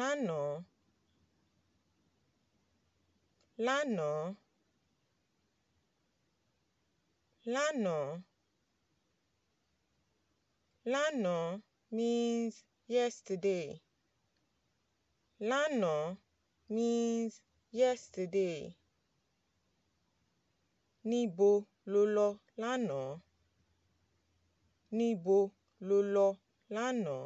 lánàá lánàá lánàá lánàá means yesterday lánàá means yesterday. Níbo lo lọ lánàá? Níbo lo lọ lánàá?